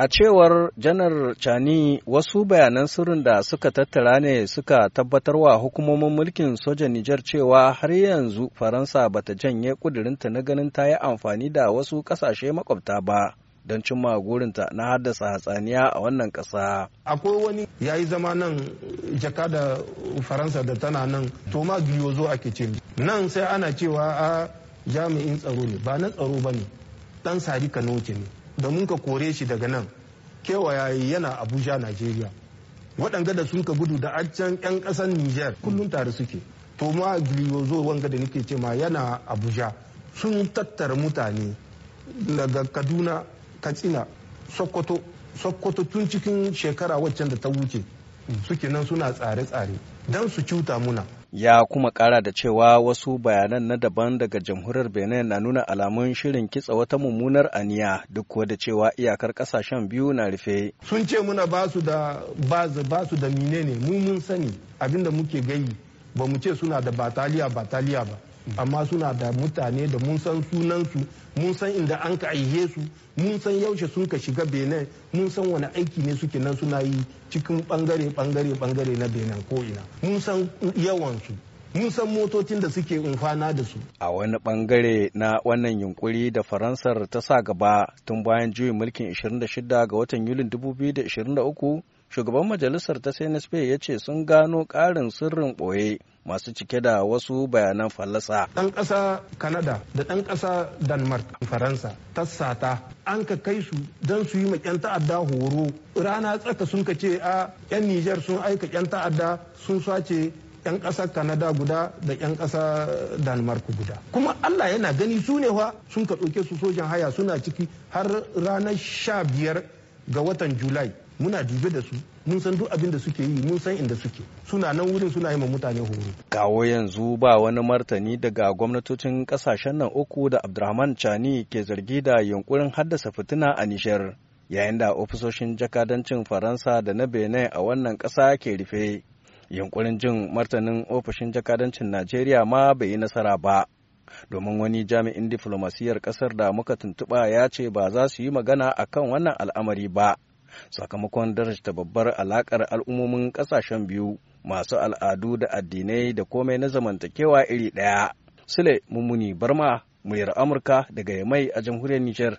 A cewar Janar Chani wasu bayanan sirrin da suka tattara ne suka tabbatarwa hukumomin mulkin sojan Nijar cewa har yanzu Faransa bata janye kudurinta na ganin ta yi amfani da wasu ƙasashe makwabta ba. don cimma gurinta na haddasa hatsaniya a wannan ƙasa. Akwai wani ya yi zama nan jaka da Faransa da tana nan to ma zo ake ce nan sai ana cewa a ah, jami'in tsaro ne ba na tsaro ba ne ɗan sari kanoke ne da mun ka kore shi daga nan kewaya yana abuja nigeria waɗanga da sun ka gudu da accan 'yan ƙasar niger kullum tare suke to ma zo wanga da nake ce ma yana abuja sun tattara mutane daga kaduna katsina sokoto sokoto tun cikin shekara waccan da ta wuce suke nan suna tsare-tsare don su cuta muna ya kuma kara da cewa wasu bayanan na daban daga jamhuriyar benin na nuna alamun shirin kitsa wata mummunar aniya duk kuwa da cewa iyakar kasashen biyu na rufe sun ce muna basu da basu da mine ne mun sani abinda muke gayi ba mu ce suna da bataliya bataliya ba amma suna da mutane da mun san sunansu mun san inda an ka aihe su mun san yaushe sun ka shiga benin mun san wani aiki ne suke nan suna yi cikin bangare bangare bangare na benin ko ina mun san yawansu mun san motocin da suke umfana da su a wani bangare na wannan yunkuri da faransar ta sa gaba tun bayan juyin mulkin 26 ga watan yulin 2023 shugaban majalisar ta cnsp ya ce sun gano ƙarin sirrin ɓoye masu cike da wasu bayanan fallasa. Ɗan ƙasa Kanada da ɗan ƙasa Danmark Faransa tassata an ka kai su don su yi ma 'yan ta'adda horo rana tsaka sun ka ce a 'yan Nijar sun aika 'yan ta'adda sun sace 'yan ƙasar kanada guda da 'yan ƙasa danmark guda kuma allah yana gani su ne fa sun ka ɗauke su sojan haya suna ciki har ranar sha biyar ga watan julai muna dube da su mun san duk abin da suke yi mun san inda suke suna nan wurin suna yi ma mutane horo kawo yanzu ba wani martani daga gwamnatocin kasashen nan uku da abdurrahman chani ke zargi da yunkurin haddasa fitina a nishar yayin da ofisoshin jakadancin faransa da na benin a wannan ƙasa ke rufe yunkurin jin martanin ofishin jakadancin najeriya ma bai yi nasara ba domin wani jami'in diflomasiyyar kasar da muka tuntuɓa ya ce ba za su yi magana a kan wannan al'amari ba sakamakon darajta babbar alakar al'ummomin kasashen biyu masu al'adu da addinai da komai na zamantakewa iri ɗaya sule mummuni barma muyar amurka daga mai a jamhuriyar niger